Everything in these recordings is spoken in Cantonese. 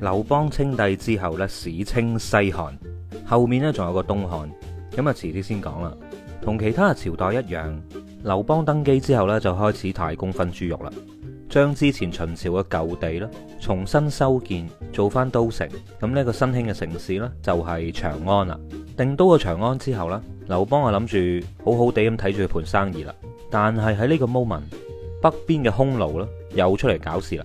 劉邦稱帝之後呢，史稱西漢，後面呢仲有個東漢，咁啊遲啲先講啦。同其他朝代一樣，劉邦登基之後呢，就開始太公分豬肉啦，將之前秦朝嘅舊地呢，重新修建，做翻都城。咁、這、呢個新興嘅城市呢，就係長安啦。定都咗長安之後呢，劉邦啊諗住好好地咁睇住佢盤生意啦。但係喺呢個 moment，北邊嘅匈奴呢，又出嚟搞事啦。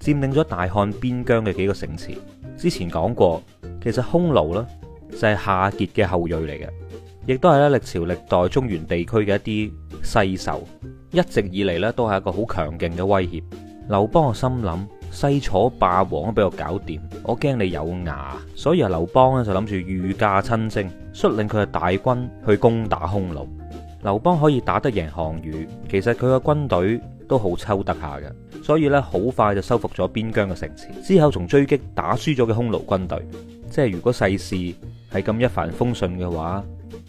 佔領咗大漢邊疆嘅幾個城池，之前講過，其實匈奴呢，就係夏桀嘅後裔嚟嘅，亦都係咧歷朝歷代中原地區嘅一啲世仇，一直以嚟呢，都係一個好強勁嘅威脅。劉邦嘅心諗，西楚霸王都俾我搞掂，我驚你有牙，所以啊劉邦呢，就諗住御駕親征，率領佢嘅大軍去攻打匈奴。劉邦可以打得贏項羽，其實佢嘅軍隊都好抽得下嘅。所以咧，好快就收復咗邊疆嘅城池。之後從追擊打輸咗嘅匈奴軍隊，即係如果世事係咁一帆風順嘅話，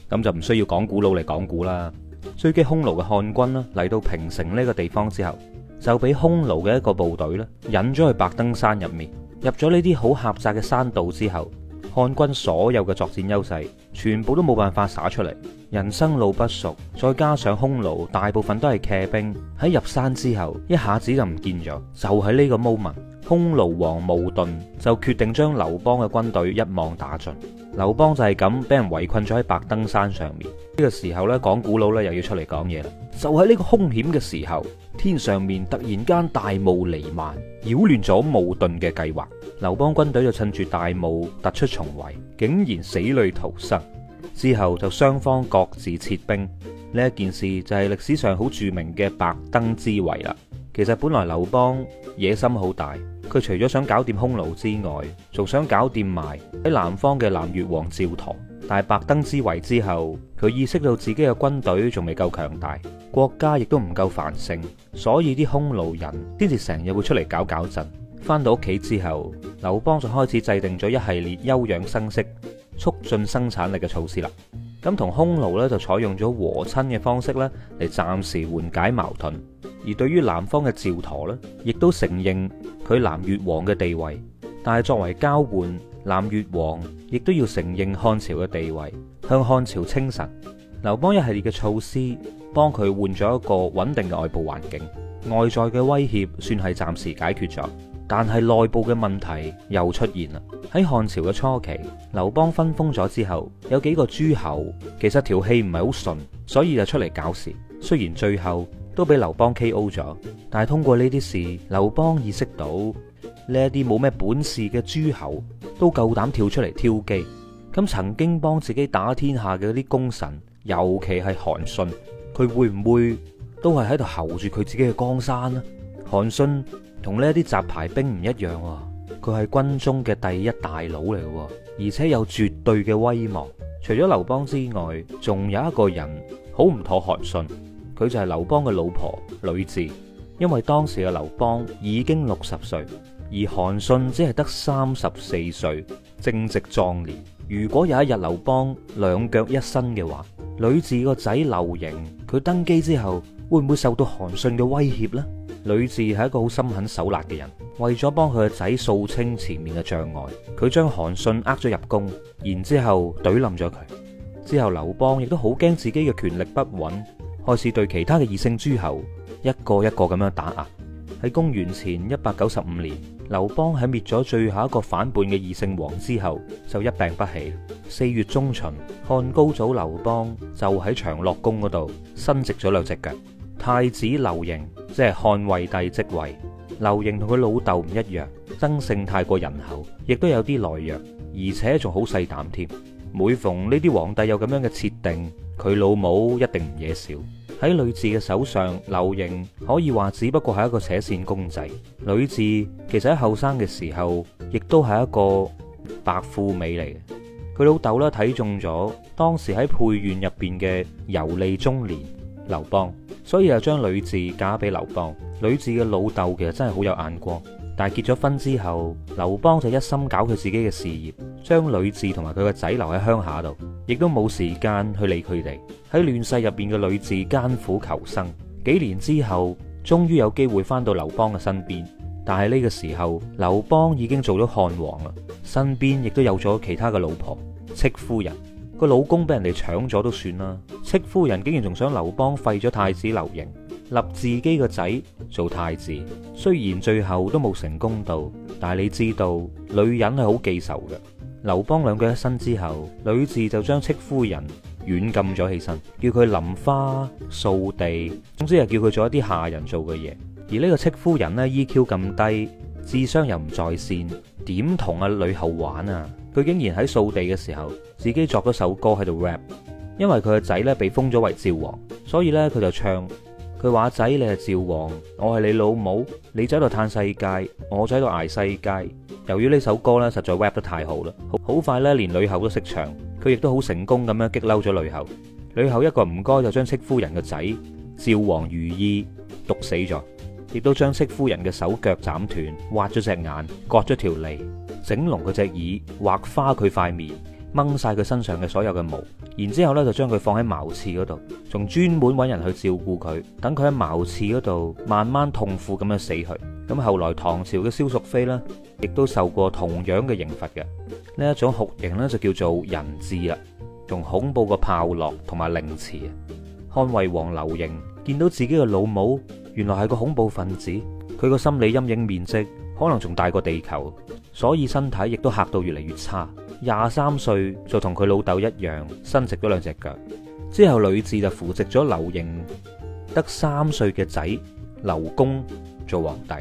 咁就唔需要講古佬嚟講古啦。追擊匈奴嘅漢軍啦，嚟到平城呢個地方之後，就俾匈奴嘅一個部隊咧引咗去白登山入面，入咗呢啲好狹窄嘅山道之後。漢軍所有嘅作戰優勢，全部都冇辦法灑出嚟。人生路不熟，再加上匈奴大部分都係騎兵，喺入山之後一下子就唔見咗，就喺呢個 moment，匈奴王冒頓就決定將劉邦嘅軍隊一網打盡。劉邦就係咁俾人圍困咗喺白登山上面。呢個時候咧，講古佬咧又要出嚟講嘢啦，就喺呢個兇險嘅時候。天上面突然間大霧彌漫，擾亂咗冒頓嘅計劃。劉邦軍隊就趁住大霧突出重圍，竟然死裏逃生。之後就雙方各自撤兵。呢一件事就係歷史上好著名嘅白登之圍啦。其實本來劉邦野心好大，佢除咗想搞掂匈奴之外，仲想搞掂埋喺南方嘅南越王趙佗。但係白登之圍之後，佢意識到自己嘅軍隊仲未夠強大，國家亦都唔夠繁盛，所以啲匈奴人先至成日會出嚟搞搞震。翻到屋企之後，劉邦就開始制定咗一系列休養生息、促進生產力嘅措施啦。咁同匈奴呢，就採用咗和親嘅方式呢嚟暫時緩解矛盾。而對於南方嘅趙佗呢，亦都承認佢南越王嘅地位，但係作為交換。南越王亦都要承認漢朝嘅地位，向漢朝稱臣。劉邦一系列嘅措施，幫佢換咗一個穩定嘅外部環境，外在嘅威脅算係暫時解決咗。但係內部嘅問題又出現啦。喺漢朝嘅初期，劉邦分封咗之後，有幾個諸侯其實條氣唔係好順，所以就出嚟搞事。雖然最後都俾劉邦 K.O. 咗，但係通過呢啲事，劉邦意識到。呢一啲冇咩本事嘅諸侯都夠膽跳出嚟挑機咁，曾經幫自己打天下嗰啲功臣，尤其係韓信，佢會唔會都係喺度候住佢自己嘅江山呢？韓信同呢啲雜牌兵唔一樣，啊，佢係軍中嘅第一大佬嚟嘅，而且有絕對嘅威望。除咗劉邦之外，仲有一個人好唔妥韓信，佢就係劉邦嘅老婆呂雉，因為當時嘅劉邦已經六十歲。而韓信只係得三十四歲，正值壯年。如果有一日劉邦兩腳一伸嘅話，呂雉個仔劉盈佢登基之後，會唔會受到韓信嘅威脅呢？呂雉係一個好心狠手辣嘅人，為咗幫佢個仔掃清前面嘅障礙，佢將韓信呃咗入宮，然之後懟冧咗佢。之後劉邦亦都好驚自己嘅權力不穩，開始對其他嘅異姓諸侯一個一個咁樣打壓。喺公元前一百九十五年，劉邦喺滅咗最後一個反叛嘅異姓王之後，就一病不起。四月中旬，漢高祖劉邦就喺長樂宮嗰度伸直咗兩隻腳。太子劉盈即係漢惠帝即位。劉盈同佢老豆唔一樣，曾姓太過仁厚，亦都有啲懦弱，而且仲好細膽添。每逢呢啲皇帝有咁樣嘅設定，佢老母一定唔惹少。喺呂雉嘅手上，劉盈可以話只不過係一個扯線公仔。呂雉其實喺後生嘅時候，亦都係一個白富美嚟嘅。佢老豆咧睇中咗，當時喺沛縣入邊嘅遊歷中年劉邦，所以又將呂雉嫁俾劉邦。呂雉嘅老豆其實真係好有眼光。但係結咗婚之後，劉邦就一心搞佢自己嘅事業，將呂雉同埋佢個仔留喺鄉下度，亦都冇時間去理佢哋。喺亂世入邊嘅呂雉艱苦求生，幾年之後，終於有機會翻到劉邦嘅身邊。但係呢個時候，劉邦已經做咗漢王啦，身邊亦都有咗其他嘅老婆戚夫人。個老公俾人哋搶咗都算啦，戚夫人竟然仲想劉邦廢咗太子劉盈。立自己個仔做太子，雖然最後都冇成功到，但係你知道女人係好記仇嘅。劉邦兩腳一伸之後，呂雉就將戚夫人軟禁咗起身，叫佢淋花掃地，總之係叫佢做一啲下人做嘅嘢，而呢個戚夫人呢 EQ 咁低，智商又唔在線，點同阿呂后玩啊？佢竟然喺掃地嘅時候自己作咗首歌喺度 rap，因為佢個仔呢被封咗為趙王，所以呢，佢就唱。佢話：仔，你係趙王，我係你老母。你就喺度嘆世界，我就喺度捱世界。由於呢首歌咧，實在 rap 得太好啦，好快咧，連呂后都識唱。佢亦都好成功咁樣激嬲咗呂后。呂后一個唔該，就將戚夫人嘅仔趙王如意毒死咗，亦都將戚夫人嘅手腳斬斷，挖咗隻眼，割咗條脷，整聾佢隻耳，畫花佢塊面，掹晒佢身上嘅所有嘅毛。然之後咧，就將佢放喺茅廁嗰度，仲專門揾人去照顧佢，等佢喺茅廁嗰度慢慢痛苦咁樣死去。咁後來唐朝嘅蕭淑妃呢，亦都受過同樣嘅刑罰嘅。呢一種酷刑呢，就叫做人彘啦，仲恐怖過炮烙同埋凌遲。漢惠王劉盈見到自己嘅老母，原來係個恐怖分子，佢個心理陰影面積可能仲大過地球，所以身體亦都嚇到越嚟越差。廿三歲就同佢老豆一樣伸直咗兩隻腳，之後呂雉就扶植咗劉盈得三歲嘅仔劉恭做皇帝，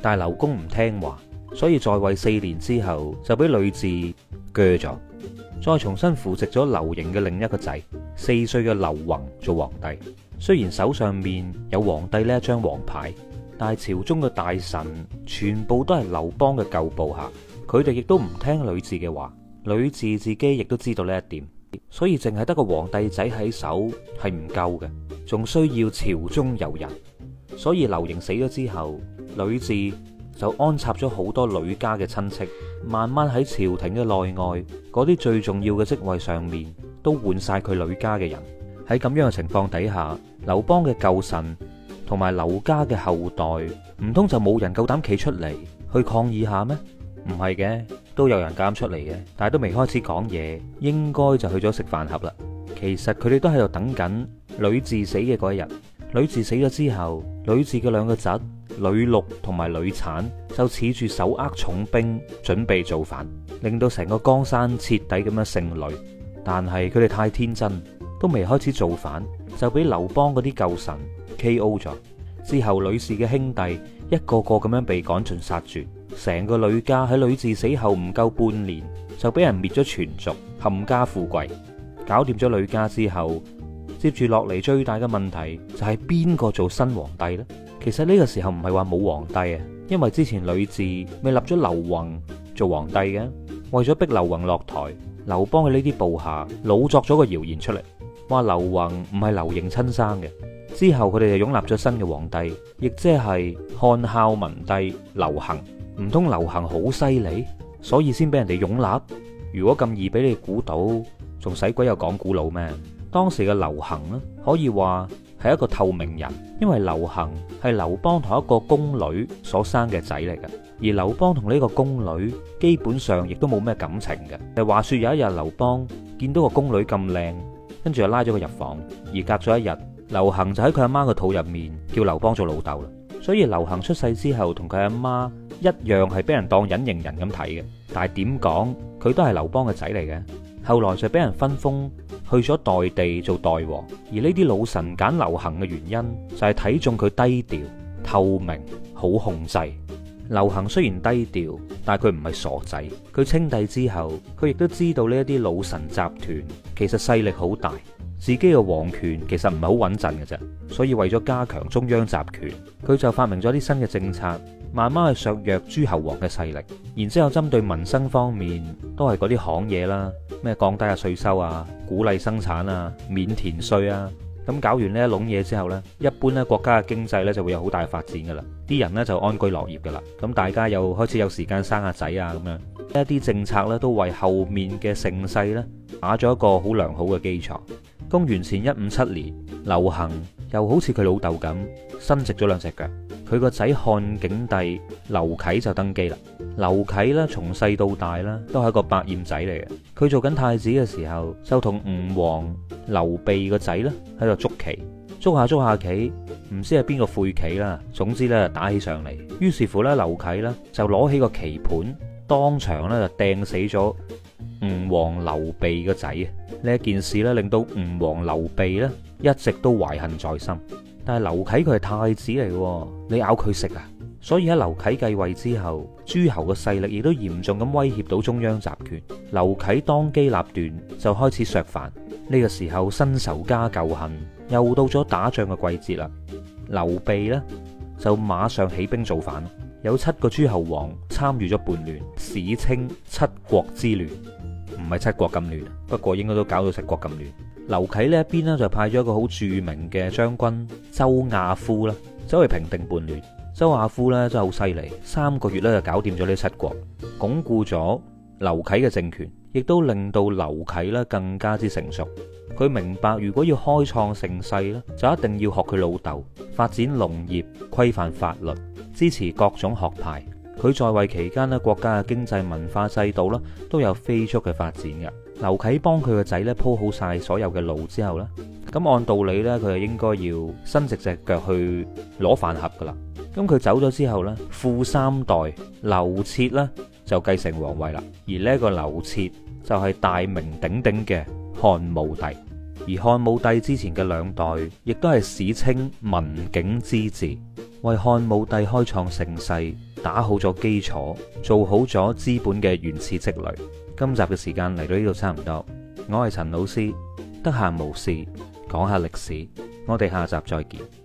但係劉恭唔聽話，所以在位四年之後就俾呂雉鋸咗，再重新扶植咗劉盈嘅另一個仔四歲嘅劉弘做皇帝。雖然手上面有皇帝呢一張黃牌，但係朝中嘅大臣全部都係劉邦嘅舊部下，佢哋亦都唔聽呂雉嘅話。呂雉自己亦都知道呢一點，所以淨係得個皇帝仔喺手係唔夠嘅，仲需要朝中有人。所以劉盈死咗之後，呂雉就安插咗好多呂家嘅親戚，慢慢喺朝廷嘅內外嗰啲最重要嘅職位上面都換晒佢呂家嘅人。喺咁樣嘅情況底下，劉邦嘅舊臣同埋劉家嘅後代，唔通就冇人夠膽企出嚟去抗議下咩？唔係嘅。都有人監出嚟嘅，但係都未開始講嘢，應該就去咗食飯盒啦。其實佢哋都喺度等緊呂雉死嘅嗰一日。呂雉死咗之後，呂雉嘅兩個侄呂祿同埋呂產就恃住手握重兵，準備造反，令到成個江山徹底咁樣姓呂。但係佢哋太天真，都未開始造反，就俾劉邦嗰啲舊臣 K.O. 咗。之後，呂氏嘅兄弟一個個咁樣被趕盡殺絕。成個呂家喺呂雉死後唔夠半年，就俾人滅咗全族，冚家富貴。搞掂咗呂家之後，接住落嚟最大嘅問題就係邊個做新皇帝呢？其實呢個時候唔係話冇皇帝啊，因為之前呂雉咪立咗劉宏做皇帝嘅。為咗逼劉宏落台，劉邦嘅呢啲部下老作咗個謠言出嚟，話劉宏唔係劉盈親生嘅。之後佢哋就擁立咗新嘅皇帝，亦即係漢孝文帝劉恒。唔通劉恆好犀利，所以先俾人哋擁立。如果咁易俾你估到，仲使鬼有講古佬咩？當時嘅劉恆呢，可以話係一個透明人，因為劉恆係劉邦同一個宮女所生嘅仔嚟嘅。而劉邦同呢個宮女基本上亦都冇咩感情嘅。但係話說有一日劉邦見到個宮女咁靚，跟住就拉咗佢入房，而隔咗一日，劉恆就喺佢阿媽嘅肚入面叫劉邦做老豆啦。所以劉恆出世之後，同佢阿媽一樣係俾人當隱形人咁睇嘅。但係點講，佢都係劉邦嘅仔嚟嘅，後來就俾人分封去咗代地做代王。而呢啲老臣揀劉恆嘅原因，就係睇中佢低調、透明、好控制。劉恆雖然低調，但佢唔係傻仔。佢稱帝之後，佢亦都知道呢一啲老臣集團其實勢力好大。自己嘅皇權其實唔係好穩陣嘅啫，所以為咗加強中央集權，佢就發明咗啲新嘅政策，慢慢去削弱諸侯王嘅勢力。然之後針對民生方面，都係嗰啲行嘢啦，咩降低下稅收啊，鼓勵生產啊，免田稅啊。咁搞完呢一籠嘢之後呢，一般呢國家嘅經濟呢就會有好大發展噶啦，啲人呢就安居樂業噶啦。咁大家又開始有時間生下仔啊咁樣，一啲政策呢都為後面嘅盛世呢打咗一個好良好嘅基礎。公元前一五七年，劉恆又好似佢老豆咁，伸直咗兩隻腳。佢個仔漢景帝劉啟就登基啦。劉啟咧，從細到大啦，都係一個百厭仔嚟嘅。佢做緊太子嘅時候，就同吳王劉濞個仔咧喺度捉棋，捉下捉下棋，唔知係邊個悔棋啦。總之咧，打起上嚟，於是乎咧，劉啟咧就攞起個棋盤，當場呢就掟死咗吳王劉濞個仔啊！呢一件事咧，令到吳王劉備咧一直都懷恨在心。但係劉啟佢係太子嚟，你咬佢食啊！所以喺劉啟繼位之後，諸侯嘅勢力亦都嚴重咁威脅到中央集權。劉啟當機立斷，就開始削藩。呢個時候新仇加舊恨，又到咗打仗嘅季節啦。劉備呢，就馬上起兵造反，有七個諸侯王參與咗叛亂，史稱七國之亂。唔係七國咁亂，不過應該都搞到七國咁亂。劉啟呢一邊咧就派咗一個好著名嘅將軍周亞夫啦，走去平定叛亂。周亞夫咧真係好犀利，三個月咧就搞掂咗呢七國，鞏固咗劉啟嘅政權，亦都令到劉啟咧更加之成熟。佢明白，如果要開創盛世咧，就一定要學佢老豆，發展農業，規範法律，支持各種學派。佢在位期間咧，國家嘅經濟、文化、制度啦，都有飛速嘅發展嘅。劉啟幫佢個仔咧鋪好晒所有嘅路之後呢，咁按道理呢，佢係應該要伸直隻腳去攞飯盒噶啦。咁佢走咗之後呢，富三代劉徹呢就繼承皇位啦。而呢個劉徹就係大名鼎鼎嘅漢武帝。而漢武帝之前嘅兩代亦都係史稱文景之治，為漢武帝開創盛世，打好咗基礎，做好咗資本嘅原始積累。今集嘅時間嚟到呢度差唔多，我係陳老師，得閒無事講下歷史，我哋下集再見。